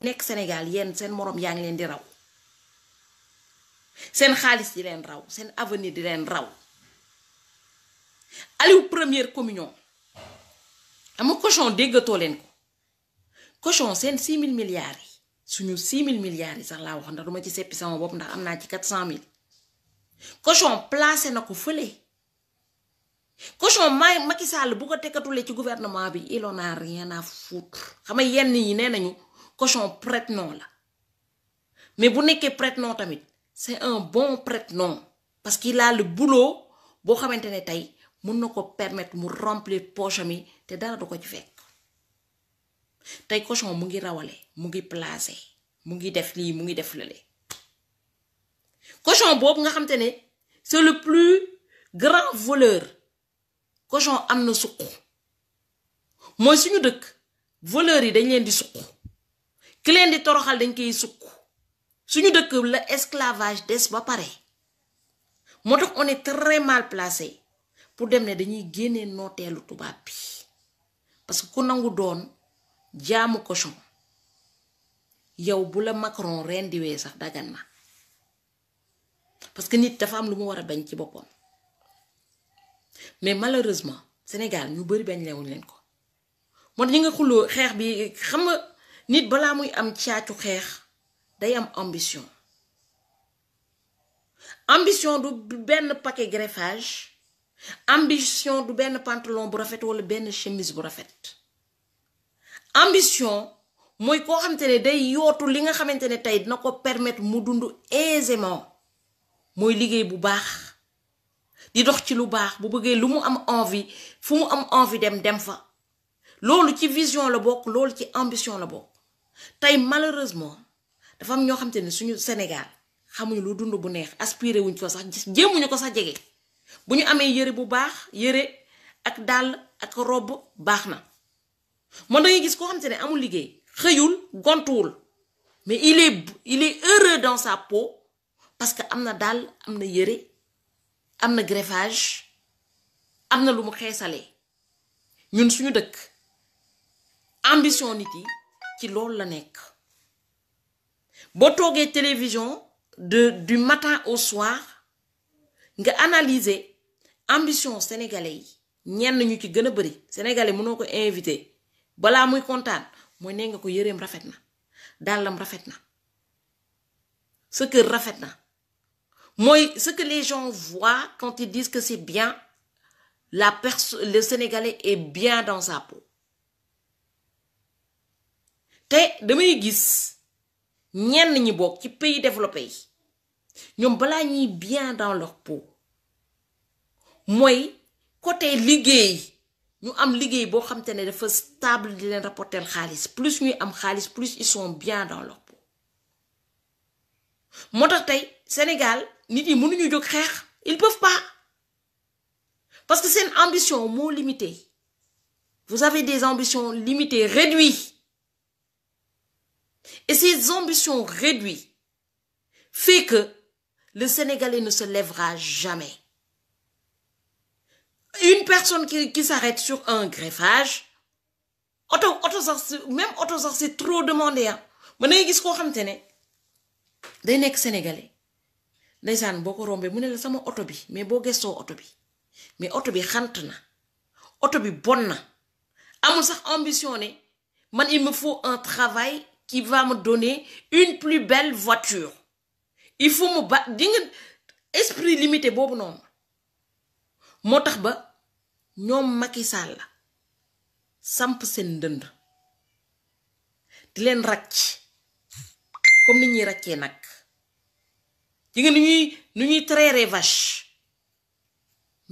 nekk Sénégal yéen seen moroom yaa ngi leen di raw seen xaalis yi leen raw seen avenir di leen raw Aliou première communion ama cochon déggatoo leen ko cochon seen 6000 mille yi suñu 6000 milliards yi sax laa wax ndax duma ci seppi sama bopp ndax am naa ci 400000 cochon placé na ko fële cochon ma Macky Sall bu ko tekkatule ci gouvernement bi il en a rien à yenn yi nee nañu. cochon prête non la mais bu nekkee prête-nom tamit c'est un bon prête non parce qu'il a le boulot boo xamante ne tey mun na ko permettre mu remplir poche mi te dara du ko ci fekk tey cochon mu ngi rawale mu ngi placé mu ngi def lii mu ngi def lële cochon boobu nga xamante ne c'est le plus grand voleur cochon am na suq mooy suñu dëkk voleurs yi dañ leen di suq ki leen di toroxal dañ koy sukk suñu dëkk la esclavage des ba pare moo tax on est très mal placé pour dem ne dañuy génnee nooteelu tubaab bi parce que ku nangu doon jaamu cochon yow bu la Macron rendiwee sax dagan na parce que nit dafa am lu mu war a bañ ci boppam mais malheureusement Sénégal ñu bari bañ leen ko moo tax ñu nga xuloo xeex bi xam nit balaa muy am caacu xeex day am ambition ambition du benn paquet greffage ambition du benn pantalon bu rafet wala benn chemise bu rafet ambition mooy koo xamante ne day yootu li nga xamante ne tey dina ko permettre mu dund aisément mooy liggéey bu baax di dox ci lu baax bu bëggee lu mu am envie fu mu am envie dem dem fa loolu ci vision la bokk loolu ci ambition la bokk tey malheureusement dafa am ñoo xam te ne suñu Sénégal xamuñu lu dund bu neex aspiré wuñ ko sax gis jéemuñu ko sax jege bu ñu amee yëre bu baax yëre ak dàll ak robb baax na moom da ngay gis koo xam te amul liggéey xëyul gontuwul mais il est il est heureux dans sa peau parce que am na dàll am na yére am na greffage am na lu mu xeesalee ñun suñu dëkk ambition nit yi. ci loolu la nekk boo toogee télévision de du matin au soir nga analyser ambition sénégalais yi ñenn ñu ci gën a bëri sénégalais mënoo ko invité balaa muy kontaan mooy nee nga ko yëreem rafet na dàllam rafet na sa kër rafet na mooy ce les gens voient quand ils disent que c'est bien la personne le sénégalais est bien dans sa peau. te damay gis ñenn ñi bokk ci pays développé yi ñoom balaa ñuy bien dans leur peau mooy côté liggéey ñu am liggéey boo xam te ne dafa stable di leen rapporter xaalis plus ñuy am xaalis plus ils sont bien dans leur peau moo tax tey Sénégal nit yi mënuñu jóg xeex ils peuvent pas parce que seen ambition moo limitée vous avez des ambitions limitées réduites et ses ambitions réduites fait que le Sénégalais ne se lèvera jamais. Une personne qui, qui s'arrête sur un greffage auto auto sax même auto sax c'est trop demandé ah mën ngay gis koo xamante ne day nekk Sénégalais ndeysaan boo ko rombee mu ne la sama oto bi mais boo gestoo oto bi mais oto bi xant na oto bi bon na amul sax ambition ne man il me faut un travail qui va me donner une plus belle voiture il faut mu ba di nga esprit limité boobu noonu moo tax ba ñoom Macky Sall la samp seen dënd di leen racc comme ni ñuy raccee nag di nga nu ñuy nu ñuy traire vache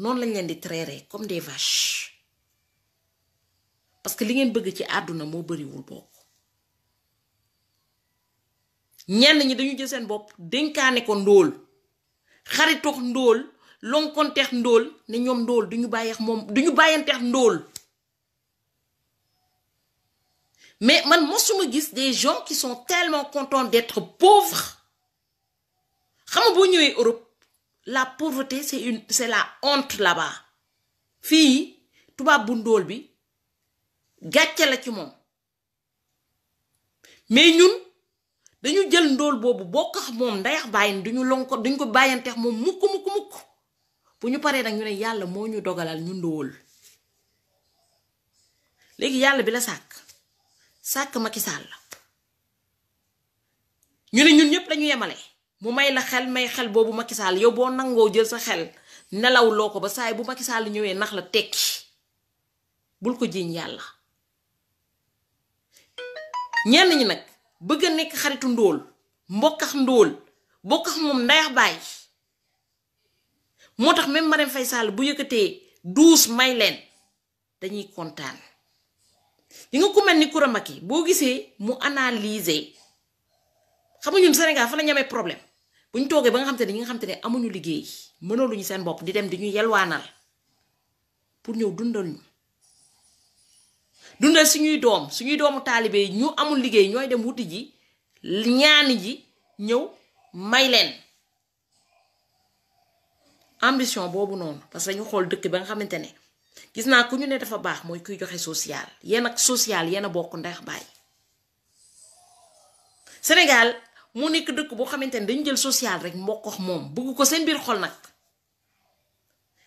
noonu lañ leen di traire comme des vache parce que li ngeen bëgg ci àdduna moo bariwul bokk ñenn ñi dañu jël seen bopp dénkaane ko ndóol xaritoo ndóol lonkonteex ndóol ne ñoom ndóol du ñu bàyyeex moom duñu ñu bàyyanteex ndóol mais man mosuma gis de gens qui sont tellement contents d'être pauvres xam nga boo ñëwee Europe la pauvreté c'est une c'est la honte là fii tubaab bu ndóol bi gàcce la ci moom mais ñun dañu jël ndóol boobu bokk ak moom ndayax bàyyin duñu lonko duñ ko bàyyanteex moom mukk mukk mukk bu ñu paree nag ñu ne yàlla moo ñu dogalal ñu ndóol léegi yàlla bi la sàkk sàkk Macky ñu ne ñun ñëpp dañu yemale mu may la xel may xel boobu Macky Sall yow boo nangoo jël sa xel nelaw loo ko ba saay bu Macky Sall ñëwee nax la tekki bul ko jiiñ yàlla ñenn ñi nag bëgg a nekk xaritu ndóol mbokkax ndóol bokkax moom ndayax baay moo tax même Marème fay Sall bu yëkkatee douze may leen dañuy kontaan yi nga ko mel ni Coura Macky boo gisee mu analyser xam nga ñun Sénégal fa la ñu problème bu ñu toogee ba nga xam te ne nga xam te ne amuñu liggéey mënaluñu seen bopp di dem di ñu yelwaanal pour ñëw dundal ñu dundal suñuy doom suñuy doomu taalibe yi ñu amul liggéey ñooy dem wuti ji ñaani ji ñëw may leen ambition boobu noonu parce que dañu xool dëkk ba nga xamante ne gis naa ku ñu ne dafa baax mooy kuy joxe social yéen ak social yéen a bokk ndax bàyyi Sénégal moo nekk dëkk boo xamante ne dañu jël sociale rek mbokkox moom bëgg ko seen biir xol nag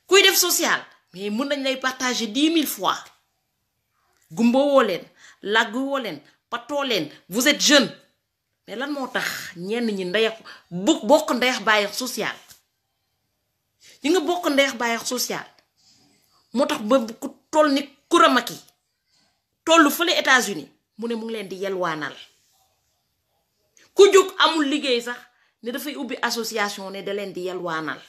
kuy def social mais mën nañ lay partager dix mille fois. gumba woo leen làgg woo leen patoo leen vous êtes jeune mais lan moo tax ñenn ñi ndeyax bu bokk ndeyax bàyyax social ñi nga bokk ndeex bàyyax social moo tax ba ku toll ni kuramaki tollu fële États-Unis mu ne mu ngi leen di yelwaanal ku jóg amul liggéey sax ne dafay ubbi association ne da leen di yelwaanal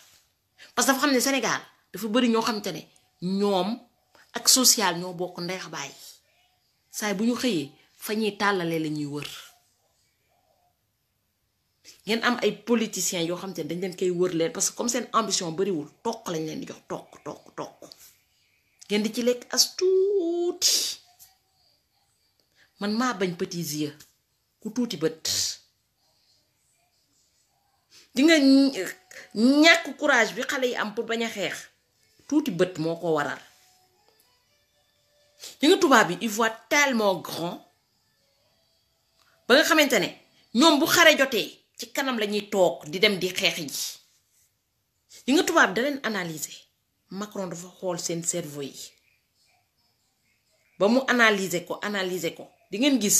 parce que dafa xam ne Sénégal dafa bëri ñoo xamante ne ñoom ak social ñoo bokk ndeex baay saay bu ñu xëyee fa ñuy tàllalee la ñuy wër ngeen am ay politiciens yoo xam te dañ leen koy wër leen parce que comme seen ambition bariwul toq lañ leen di jox toq toq toq ngeen di ci lekk as tuuti man maa bañ petits yeux ku tuuti bët dinga ñàkk courage bi xale yi am pour bañ a xeex tuuti bët moo ko waral yi nga tubaab bi il voit tellement grand ba nga xamante ne ñoom bu xare jotee ci kanam la ñuy toog di dem di xeex ji yi nga tubaab da leen analyser Macron dafa xool seen cerveau yi ba mu analyser ko analyser ko di ngeen gis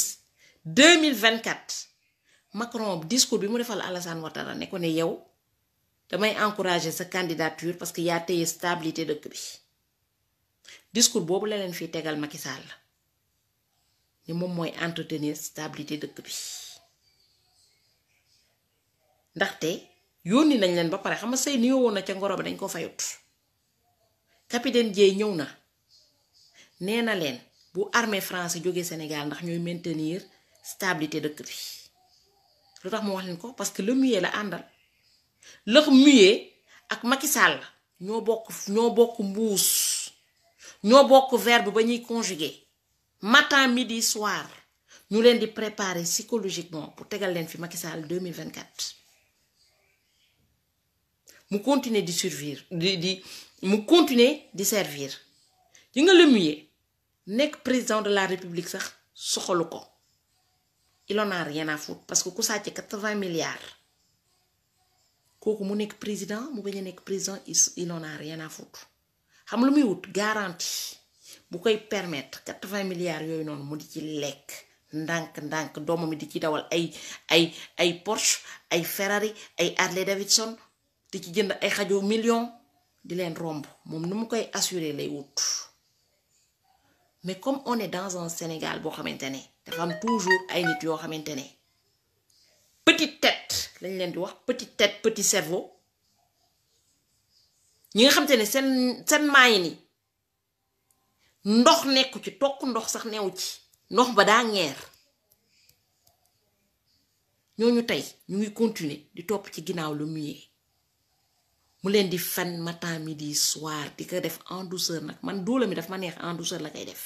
mille 2024 Macron discours bi mu defal Alassane Ouattara ne ko ne yow damay encourager sa candidature parce que yaa téye stabilité dëkk bi. discours boobu la leen fii tegal Macky Sall la ni moom mooy entretenir stabilité dëkk bi ndaxte yónni nañ leen ba pare xam nga sëy woon na ca ngoro ba dañ ko fayut capitaine Dieye ñëw na nee na leen bu armee français jóge Sénégal ndax ñooy maintenir stabilité dëkk bi lu tax mu wax leen ko parce que le muet la àndal lëx muet ak Macky la ñoo bokk ñoo bokk mbuus ñoo bokk verbe ba ñuy conjuguer matin midi soir ñu leen di préparer psychologiquement pour tegal leen fi Macky Sall 2024 mu continuer di survivre di di mu continuer di servir yi nga lemuye nekk président de la république sax soxalu ko il en a rien parce que ku sàcce quatre 80 milliards kooku mu nekk président mu bañ a nekk président il en a rien xam lu muy wut garantie bu koy permettre quatre vingt milliards yooyu noonu mu di ci lekk ndànk ndànk doomam di ci dawal ay ay ay Porsche ay Ferrari ay Harley Davidson di ci jënd ay xajoo million di leen romb moom nu mu koy assurer lay wut mais comme on est dans un Sénégal boo xamante ne dafa am toujours ay nit yoo xamante ne petite tête lañ leen di wax petite tête petit cerveau. ñi nga xamante ne seen seen maayin yi ndox nekku ci tokk ndox sax neew ci ndox ba daa ngeer ñooñu tey ñu ngi continuer di topp ci ginnaaw lu muyee mu leen di fen matin midi soir di ko def en douceur nag man doole mi daf ma neex en douceur la koy def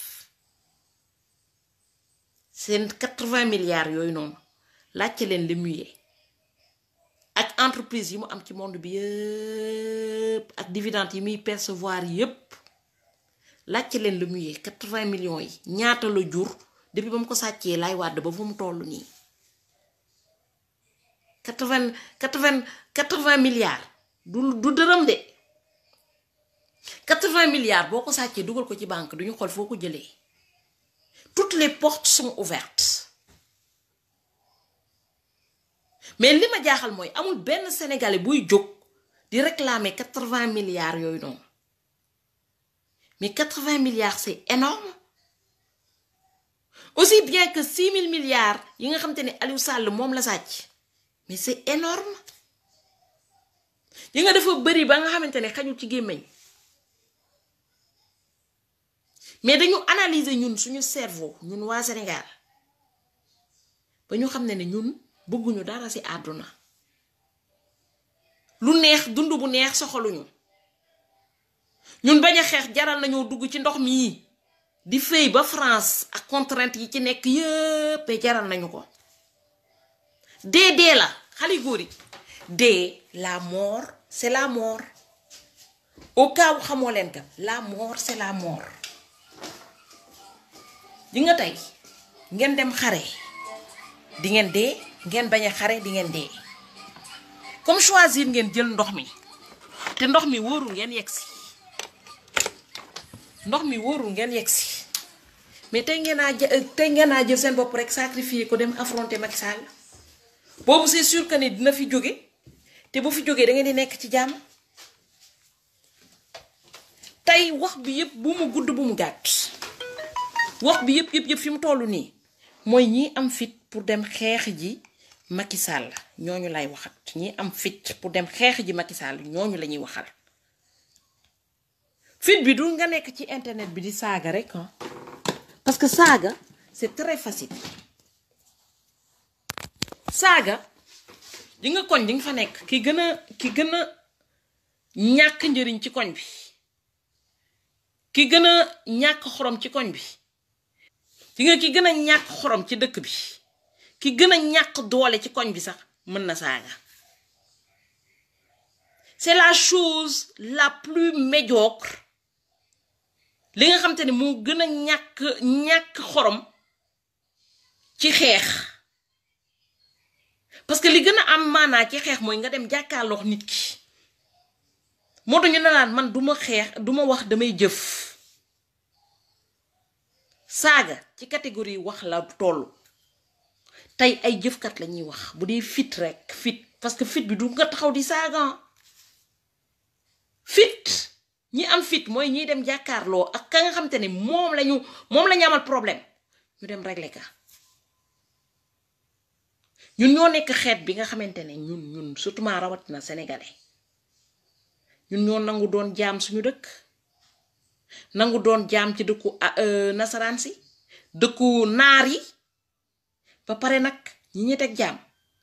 seen quatre-vingts milliards yooyu noonu laajte leen lu muyee ak entreprise yi mu am ci monde bi yëpp ak dividende yi muy percevoir yëpp laajte leen lu mu yee quatre vingt millions yi ñaata la jur depuis ba mu ko sàccee laay wàdd ba fu mu toll nii quatre-vingts quatre-vingts quatre vingt milliards du du dërëm de quatre-vingts milliards boo ko sàccee dugal ko ci banque du duñu xool foo ko jëlee toutes les portes suma ouvertes mais li ma jaaxal mooy amul benn sénégalais buy jóg di réclamer quatre vingt milliards yooyu noonu mais quatre-vingts milliards c'est énorme aussi bien que six mille milliards yi nga xamante ni Aliou Sall moom la sàcc mais c'est énorme yi nga defa bëri ba nga xamante ne xajul ci gémmiñ mais dañu analyser ñun suñu cerveau ñun waa Sénégal ba ñu xam ne ne ñun. bëgguñu dara ci àdduna lu neex dund bu neex soxaluñu ñun bañ a xeex jaral nañoo dugg ci ndox mii di fay ba France ak contrainte yi ci nekk yépp jaral nañu ko dee dee la xale góor yi dee la mort c'est la mort au cas xamoo leen ka la mort c'est la mort yi nga tey ngeen dem xare di ngeen dee ngeen bañ a xare di ngeen dee comme choisir ngeen jël ndox mi te ndox mi wóorul ngeen yegg si ndox mi wóorul ngeen yegg si mais tey ngeen naa ngeen naa jël seen bopp rek sacrifier ko dem affronter Macky Sall boobu c'est sûr que ni dina fi jóge te bu fi jógee da ngeen di nekk ci jàmm tey wax bi yëpp bu mu gudd bu mu gàtt wax bi yëpp yëpp yëpp fi mu toll nii mooy ñi am fit pour dem xeex ji. Macky Sall ñooñu lay waxat ñi am fit pour dem xeex ji Macky Sall ñooñu la ñuy waxal fit bi du nga nekk ci internet bi di saaga rek ah. parce que saaga c'est très facile saaga di nga koñ di nga fa nekk ki gën a ki gën a ñàkk njëriñ ci koñ bi ki gën a ñàkk xorom ci koñ bi di nga ki gën ñàkk xorom ci dëkk bi ki gën a ñàkk doole ci koñ bi sax mën na saaga c'est la chose la plus médiocre li nga xam te ne moo gën a ñàkk ñàkk xorom ci xeex parce que li gën a am maanaa ci xeex mooy nga dem jàkkaarloo nit ki moo tax ñu man duma xeex duma wax damay jëf saaga ci catégorie wax la tollu tey ay jëfkat la ñuy wax bu dee fit rek fit parce que fit bi du nga taxaw di saagan fit ñi am fit mooy ñiy dem jàkkaarloo ak ka nga xam ni ne moom lañu moom la amal problème ñu dem régler ka ñun ñoo nekk xeet bi nga xamante ne ñun ñun surtout ma rawatina sénégalais ñun ñoo nangu doon jaam suñu dëkk nangu doon jaam ci dëkku euh, nasaraan si dëkku naar yi ba pare nag ñi ñi teg jaam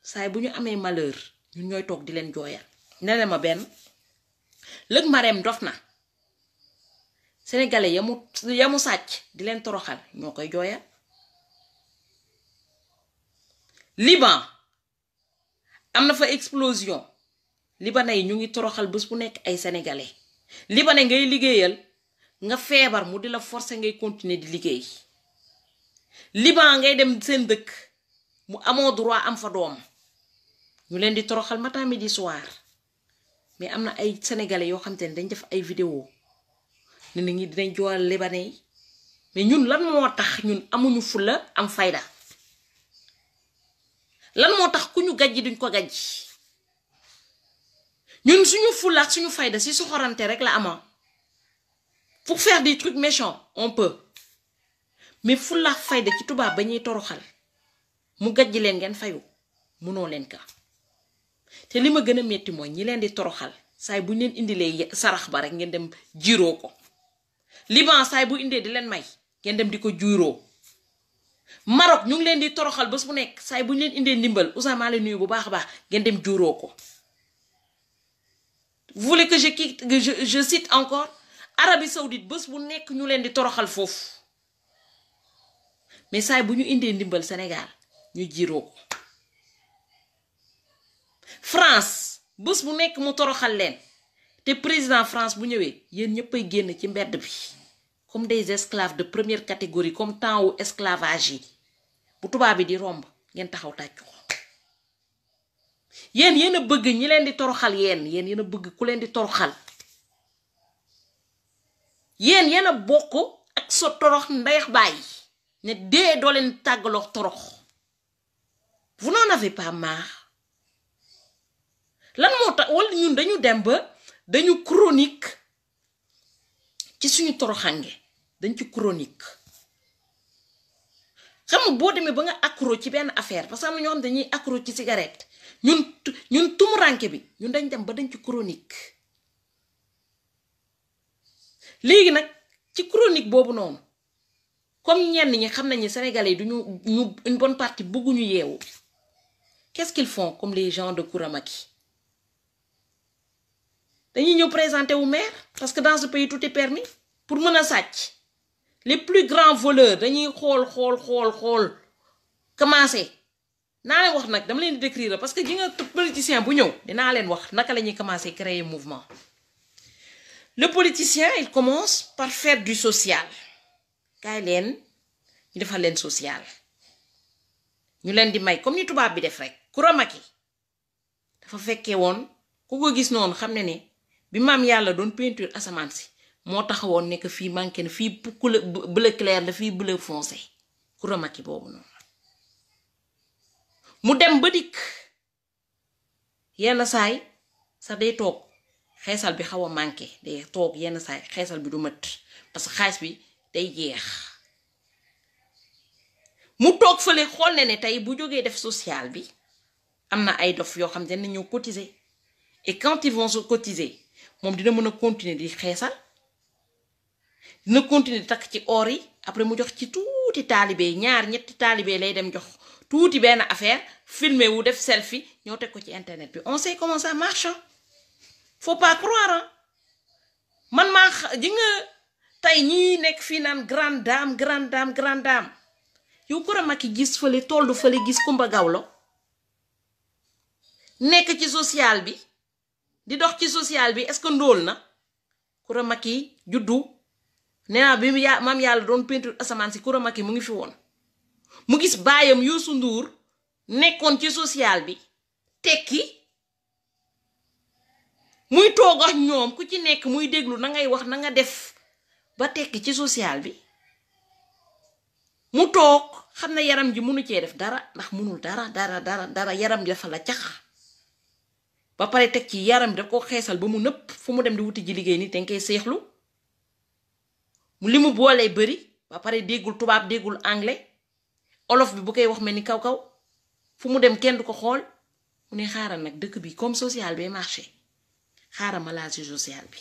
saay bu ñu amee malheur ñun ñooy toog di leen jooyal ne ma benn lëg mareem dof na sénégalais yamu yamu sàcc di leen toroxal ñoo koy jooyal liban am na fa explosion libanais yi ñu ngi toroxal bés bu nekk ay sénégalais libanais ngay liggéeyal nga feebar mu di la forcer ngay continuer di liggéey liban ngay dem seen dëkk mu amoo droit am fa doom ñu leen di toroxal matin di soir mais am na ay sénégalais yoo xam te ne dañ def ay vidéo ne nit ñi dinañ joowal libanais yi mais ñun lan moo tax ñun amuñu fulla am fayda lan moo tax ku ñu gajj duñ ko gàjji ñun suñu fulla suñu fayda si su rek la ama pour faire des trucs méchants on peut mais fulla fayda ci tubaab ba ñuy toroxal mu gàjji leen ngeen fayu munoo leen ka te li ma gën a metti mooy ñi leen di toroxal saay bu ñu leen indilee sarax ba rek ngeen dem jiiroo ko liban saay bu indee di leen may ngeen dem di ko jiiroo Maroc ñu ngi leen di toroxal bés bu nekk saay bu ñu leen indee ndimbal Ousmane maa leen nuyu bu baax baax ngeen dem jiiroo ko vous voulez que je quitte encore Arabie Saoudite bés bu nekk ñu leen di toroxal foofu mais saay bu ñu indee ndimbal Sénégal ñu jiroo ko France bés bu nekk mu toroxal leen te président France bu ñëwee yéen ñëpp ay génn ci mbedd bi comme des esclaves de première catégorie comme temps wu esclavage yi bu tubaab bi di romb ngeen taxaw tàccu ko yéen yéen a bëgg ñi leen di toroxal yéen yéen yéen a bëgg ku leen di toroxal yéen yéen a bokk ak sa torox ndeyax bàyyi ne dee doo leen tàggalook torox vous n'en avez pas marre lan moo tax wala ñun dañu dem ba dañu chronique ci suñu toroxange dañ ci chronique xam boo demee ba nga accro ci benn affaire parce que am na ñoo xam dañuy accro ci cigarette ñun ñun bi ñun dañ dem ba dañ ci chronique léegi nag ci chronique boobu noonu comme ñenn ñi xam nañu sénégalais yi duñu ñu une bonne partie bëgguñu yeewu qu'est-ce qu'ils font comme les gens de Kouramaki dañuy ñëw présenter wu maire parce que dans ce pays tout est permis pour mën a sàcc les plus grands voleurs dañuy xool xool xool xool commencé naa leen wax nag dama leen di parce que ji nga politicien bu ñëw dinaa leen wax naka la ñuy commencé créer mouvement le politicien il commence par faire du social kaay leen ñu defal leen social ñu leen di may comme ni tubaab bi def rek Coura dafa fekkee woon ku ko gis noonu xam ne ne bi maam yàlla doon peinture asamaan si moo taxawoon nekk fii manqué na fii couleur bleu clair la fii bleu foncé Coura Macky boobu noonu mu dem ba dikk yenn saay sax day toog xeesal bi xaw a manqué day toog yenn saay xeesal bi du mët parce que xaalis bi day jeex mu toog fële xool ne ni tey bu jógee def social bi am na ay dof yoo xam ne ñëw cotiser et quand ils cotiser moom dina mën a continuer di xeesal dina continuer di takk ci or yi après mu jox ci tuuti taalibe ñaar ñetti taalibe lay dem jox tuuti benn affaire filmer wu def selfie ñoo teg ko ci internet bi on sait comment ça marche faut pas croire man maa ji nga tey ñii nekk fii naan grande dame grande dame grande dame yow ku a mag gis fële tollu fële gis kumba gawlo nekk ci social bi di dox ci social bi est-ce que ndóol na Coura Macky juddu nee naa bi ya maam yàlla doon peinture asamaan si Coura mu ngi fi woon mu gis baayam Youssou Ndour nekkoon ci social bi tekki muy toog ak ñoom ku ci nekk muy déglu na ngay wax nanga def ba tekki ci social bi mu toog xam ne yaram ji mënu cee def dara ndax mënul dara dara dara dara yaram ji dafa la caxa ba pare teg ci yaram da ko xeesal ba mu nëpp fu mu dem di wuti ji liggéey nii te nga koy seexlu li mu boolee bari ba pare déggul tubaab déggul anglais olof bi bu koy wax mel ni kaw kaw fu mu dem kenn du ko xool mu ne xaaral nag dëkk bi comme social bee marché xaaral ma laal ci social bi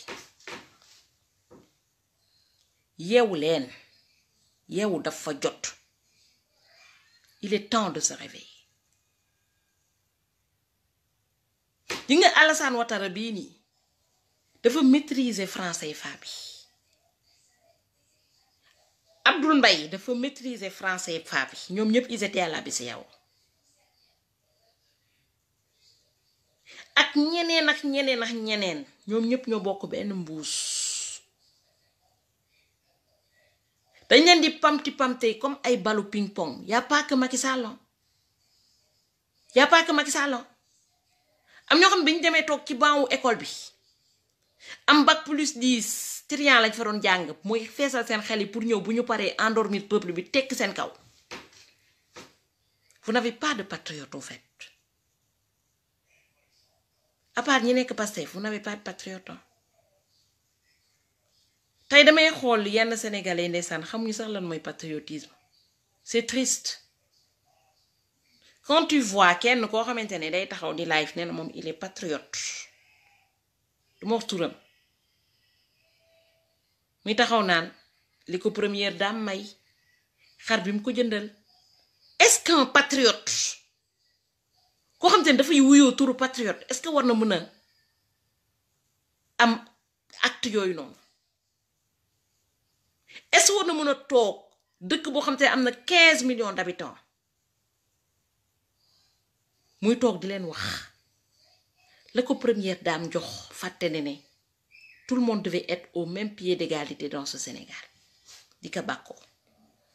yeewu leen yeewu dafa jot il est temps de se réveiller yi nga Alassane Ouattara bii nii dafa maîtriser franc CFA bi Abdoul Mbaye dafa maîtriser français CFA bi ñoom ñëpp ils yàlla bi si BCEAO ak ñeneen ak ñeneen ak ñeneen ñoom ñëpp ñoo bokk benn mbuus dañ leen di pamti pamte comme ay balu ping pong y a pas que Macky Sall y a pas que am ñoo xam bi ñu demee toog ci banwu école bi am bac plus 10 trian lañ fa doon jàng mooy feesal seen xel yi pour ñëw bu ñu paree endormir peuple bi tekk seen kaw fu n'avez pas de patriote en fait à ñi nekk Pastef vous n'avez pas de patriote tey damay xool yenn sénégalais ndeysaan xamuñu sax lan mooy patriotisme c'est triste quand tu vois kenn koo xamante ne day taxaw di live nee na moom il est patriote du wax turam muy taxaw naan li ko première dame may xar bi mu ko jëndal est-ce qu'un patriote koo xamante ne dafay wuyoo turu patriote est-ce que war na mën a am act yooyu noonu est-ce que war na mën a toog dëkk boo xam te am na 15 millions d'habitants muy toog di leen wax la ko première daam jox fàtte ne ne tout le monde devait être au même pied d'égalité dans ce Sénégal di ko bàkkoo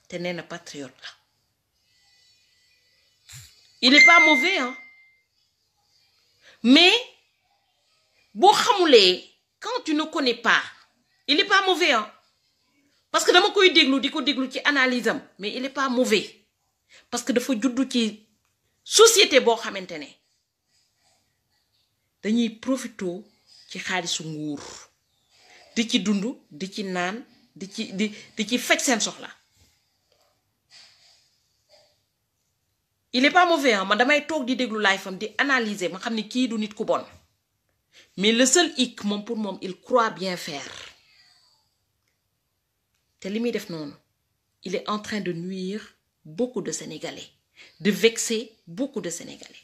te nee na patriote la il est pas mauvais hein mais boo xamulee quand tu ne connais pas il est parce que dama koy déglu di ko déglu ci analyse mais il est pas mauvais parce que dafa juddu ci société boo xamante ne dañuy profito ci xaalisu nguur di ci dund di ci naan di ci di di ci faj seen soxla il est pas mauvais ma damay toog di déglu laay fam di analyser ma xam ni kii du nit ku bon mais le seul hic moom pour moom il croit bien fair te li muy def noonu il est en train de nuire beaucoup de Sénégalais de vexer beaucoup de Sénégalais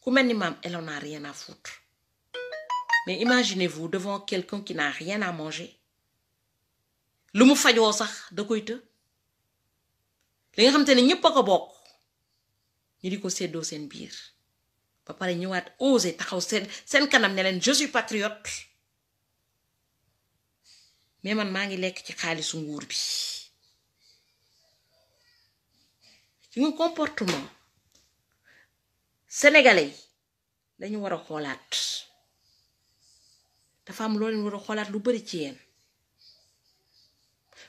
ku mel ni maam elle n'a rien à foutre mais imaginez-vous devant quelqu'un qui n'a rien à manger lu mu fajoo sax da koy të li nga xamante ne ñëpp a ko bokk ñu di ko seddoo seen biir ba pare ñëwaat osé taxaw seen seen kanam neleen leen je mais man maa ngi lekk ci xaalisu nguur bi. ci nga comportement sénégalais yi dañu war a xoolaat dafa am lool leen war a xoolaat lu bari ci yéen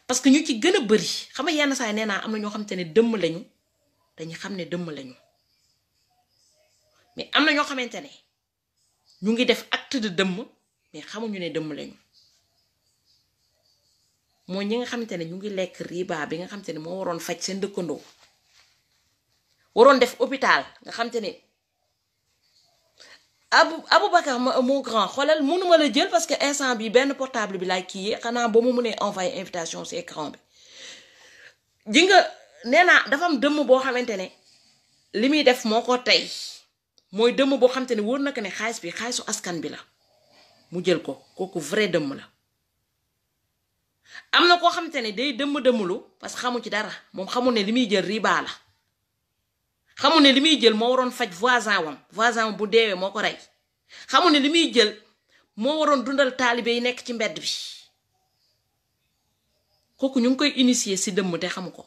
parce que ñu ci gën a bari xam nga yenn saa yi nee naa am na ñoo xamante ne dëmm lañu dañu xam ne dëmm lañu mais am na ñoo xamante ne ñu ngi def acte dëmm mais xamuñu ne dëmm lañu mooy ñi nga xamante ne ñu ngi lekk riba bi nga xamante ne moo waroon faj seen dëkkandoo. waroon def hôpital nga xam te ne abu Aboubacar moo grand xoolal mënuma la jël parce que instant bi benn portable bi laay kii yee xanaa ba mu mënee envoyé invitation si écran bi ji nga nee naa dafa am dëmm boo xamante ne li muy def moo ko tey mooy dëmm boo xamante ne wóor na ko ne xaalis bi xaalisu askan bi la mu jël ko kooku vrai dëmm la am na koo xamante ne day dëmm dëmmlu parce que xamu ci dara moom xamu ne li muy jël riba la xamul ne li muy jël moo waroon faj voisin wam voisin wam bu deewee moo ko rey xamul li muy jël moo waroon dundal taalibe yi nekk ci mbedd bi kooku ñu ngi koy initier si dëmm te xamu ko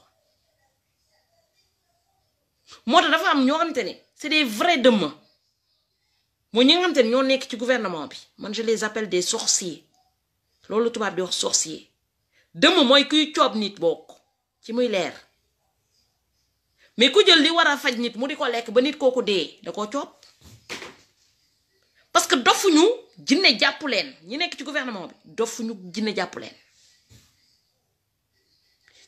moo tax dafa am ñoo xamante ne c'est des vrai dëmm mooy ñi nga xamante ne ñoo nekk ci gouvernement bi man je les appelle des sorciers loolu tubaab di wax sorcier dëmm mooy kuy coob nit bokk ci muy leer mais ku jël li war a faj nit mu di ko lekk ba nit kooku dee da koo coob parce que dofuñu jinne jàpp leen ñi nekk ci gouvernement bi dofuñu jinne jàpp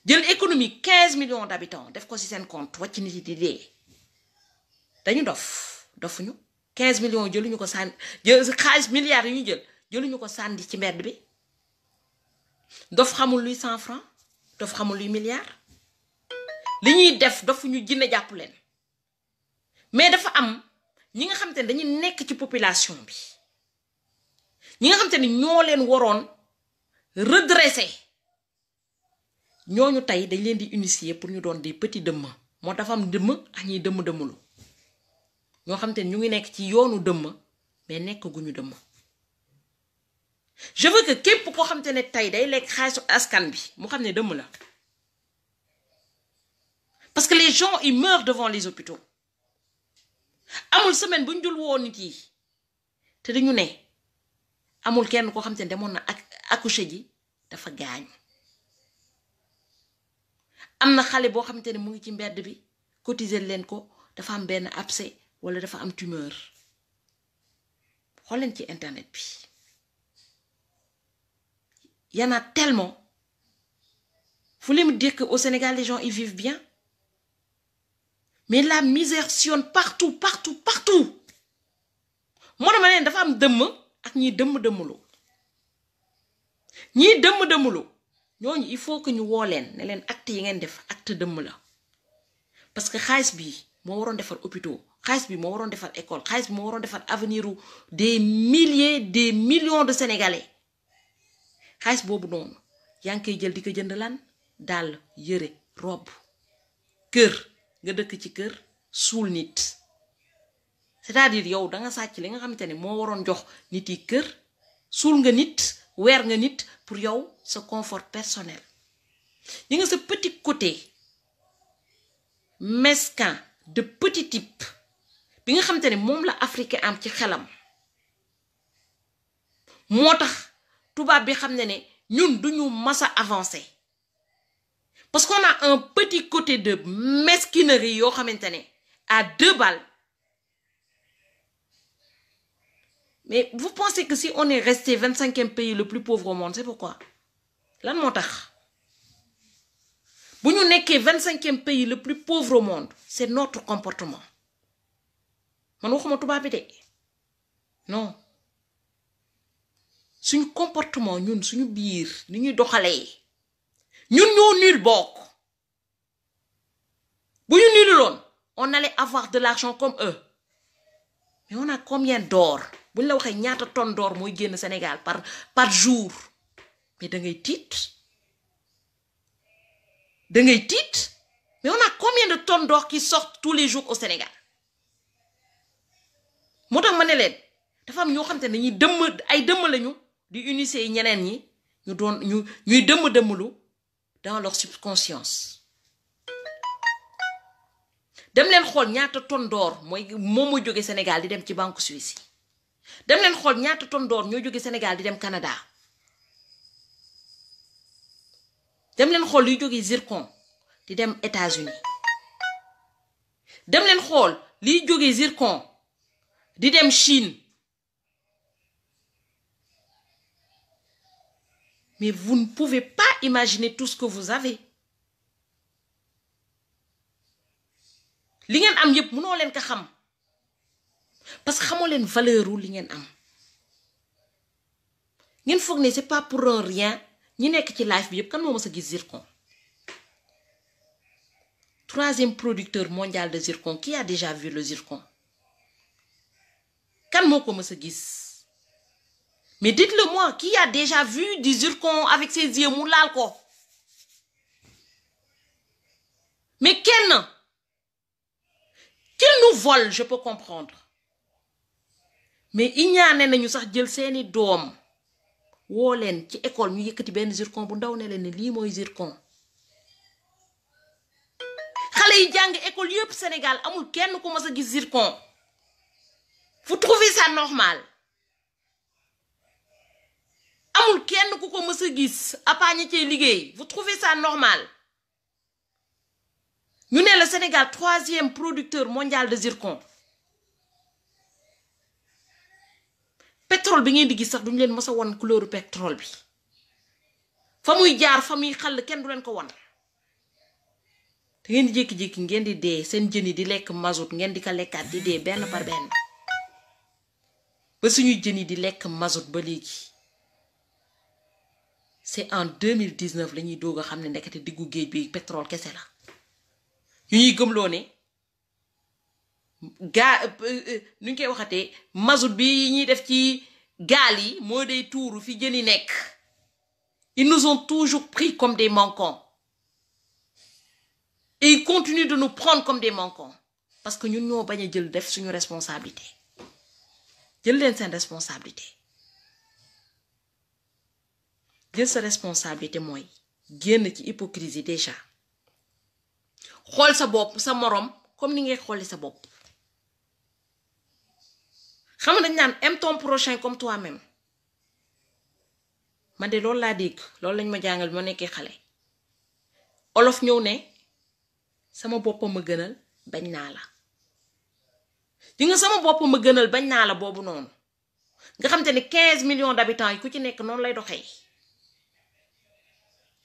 jël économie 15 millions d'habitants def ko ci seen compte wàcc nit yi di dee dañu dof dofuñu 15 millions jëluñu ko sànni jël xaalis milliards yu ñu jël jëluñu ko sànni ci mbedd bi dof xamul luy cent francs dof xamul luy milliard li ñuy def dafu ñu jinne jàpp leen mais dafa am ñi nga xam te ne dañu nekk ci population bi ñi nga xam te ne ñoo leen waroon redressé ñooñu tey dañ leen di unitier pour ñu doon di petits dëmm moo dafa am dëmm ak ñi dëmm dëmmlu ñoo xam te ne ñu ngi nekk ci yoonu dëmm mais nekk guñu dëmm je veux que képp koo xam te ne tey day lekk xaalisu askan bi mu xam ne dëmm la parce que les gens ils meurent devant les hôpitaux amul semaine bu ñu dul woo nit yi te dañu ne amul kenn koo xam te ne demoon na ak accouché ji dafa gaañ am na xale boo xamante ne mu ngi ci mbedd bi cotiser leen ko dafa am benn abcès wala dafa am tumeur xool leen ci internet bi y en a tellement vous voulez me au Sénégal les gens ils vivent bien mais la misère sillonne partout partout partout moo dama leen dafa am dëmm ak ñii dëmm dëmmuloo ñii dëmm dëmmuloo ñooñu il faut que ñu woo leen ne leen acte yi ngeen def acte dëmm la parce que xaalis bi moo waroon defar hôpitaux xaalis bi moo waroon defar école xaalis bi moo waroon defar avenir u des milliers des millions de sénégalais xaalis boobu noonu yaa ngi koy jël di ko jënd lan dàll yére robe kër. nga dëkk ci kër suul nit c'est-à-dire yow da nga sàcc li nga xamante ne moo waroon jox nit yi kër suul nga nit weer nga nit pour yow sa confort personnel li nga sa petit côté mesquin de petit type bi nga xamante ne moom la africain am ci xelam moo tax tubaab bi xam ne ne ñun duñu masa avancé parce qu'on a un petit côté de mesquinerie yoo xamante ne à deux balles mais vous pensez que si on est resté vingt cinquième pays le plus pauvre au monde c'est pourquoi lan moo tax bu ñu nekkee vingt cinquième pays le plus pauvre au monde c'est notre comportement man waxuma tubaab bi de non suñu comportement ñun suñu biir ni ñuy doxalee. ñun ñoo nul bokk bu ñu nuloon on allait avoir de l'argent comme eux mais on a combien d'or bu ñu la waxee ñaata tonne d'or mooy génn Sénégal par par jour mais da ngay tiit da ngay tiit mais on a combien de tonnes d'or qui sortent tous les jours au Sénégal moo tax ma ne leen dafa am ñoo xam te ne ñuy dëmm ay dëmm lañu di unissé yi ñeneen ñi ñu doon ñuy dëmm dëmmlu dans leur subconscience dem leen xool ñaata tonne d'or mooy moom moo jóge Sénégal di dem ci banque suisse yi dem leen xool ñaata tonne d'or ñoo jóge Sénégal di dem Canada dem leen xool luy jóge zircon di dem États-Unis dem leen xool liy jóge zircon di dem Chine Mais vous ne pouvez pas imaginer tout ce que vous avez li ngeen am yëpp mënoo leen ka xam parce que xamoo leen valeur wu li ngeen am ngeen foog ne c'est pas pour un rien ñi nekk ci life bi yëpp kan moo mës a gis zircon troisième producteur mondial de zircon qui a déjà vu le zircon kan moo ko mës a gis. mais dites-le moi qui a déjà vu du zircon avec ses yeux mu laal ko mais kenn qu'il nous vole je peux comprendre mais iñaane nañu sax jël seeni doom woo leen ci école ñu yëkkati benn zircon bu ndaw ne leen ne lii mooy zircon xale yi jàng école yëpp Sénégal amul kenn ku mas a gis zircon vous trouvez ça normal amul kenn ku ko mës a gis à part ñi cay liggéey vous trouvez ça normal ñu ne la Sénégal troisième producteur mondial de zircon pétrole bi ngeen di gis sax duñu leen mësa a won couleur pétrole bi fa muy jaar fa muy xàll kenn du leen ko won da ngeen di jékki-jékki ngeen di dee seen jën yi di lekk mazout ngeen di ko lekkaat di dee benn par benn ba suñu jën yi di lekk mazout ba léegi. c'est en 2019 la ñuy doog a xam ne ndekete diggu géej bi pétrole kese la ñu ñuy gëmloo ne gaa euh, euh, nu koy waxatee mazout bi ñuy def ci gaal yi moo day tuuru fi jën yi nekk ils nous ont toujours pris comme des manquants et ils de nous prendre comme des manquants parce que ñun ñoo bañ a jël def suñu responsabilité jël leen seen responsabilité jël sa responsabilité mooy génn ci hypocrisie déjà xool sa bopp sa moroom comme ni ngay xooli sa bopp xam nañ naan aime ton prochain comme toi-même man de loolu laa dégg loolu lañ ma jàngal bi ma nekkee xale olof ñëw ne sama boppam ma gënal bañ naa la di nga sama boppam ma gënal bañ naa la boobu noonu nga xam te ne million millions d'habitants yi ku ci nekk noonu lay doxee.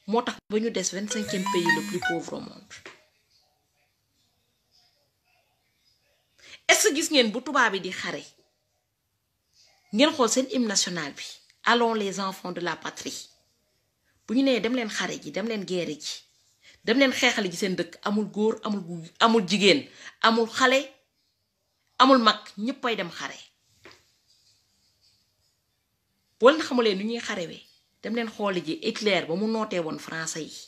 moo tax ba ñu des vingt cinquième pays le plus pauvre au monde est-ce que gis ngeen bu tubaab bi di xare ngeen xool seen hymne national bi allons les enfants de la patrie bu ñu nee dem leen xare ji dem leen guerre ji dem leen xeexale ji seen dëkk amul góor amul amul jigéen amul xale amul mag ñëppay dem xare wala xamuleen nu ñuy xare xarewee dem leen xooli ji Hitler ba mu nootee woon français yi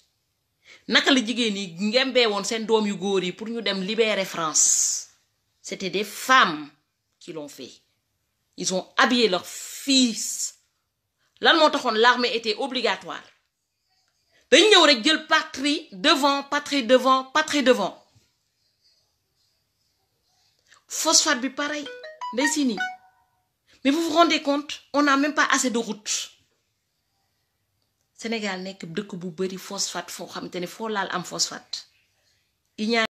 naka la jigéen yi ngembee woon seen doom yu góor yi pour ñu dem libere France c'était des femmes qui l'ont fait ils ont habillé leurs fils lan moo taxoon l'armée était obligatoire dañ ñëw rek jël patrie devant patrie devant patrie devant phosphate bi pareil nday si nii mais vous vous rendez compte on n'a même pas assez de route Sénégal nekk dëkk bu bëri phosphate foo xamante ne foo laal am phosphate.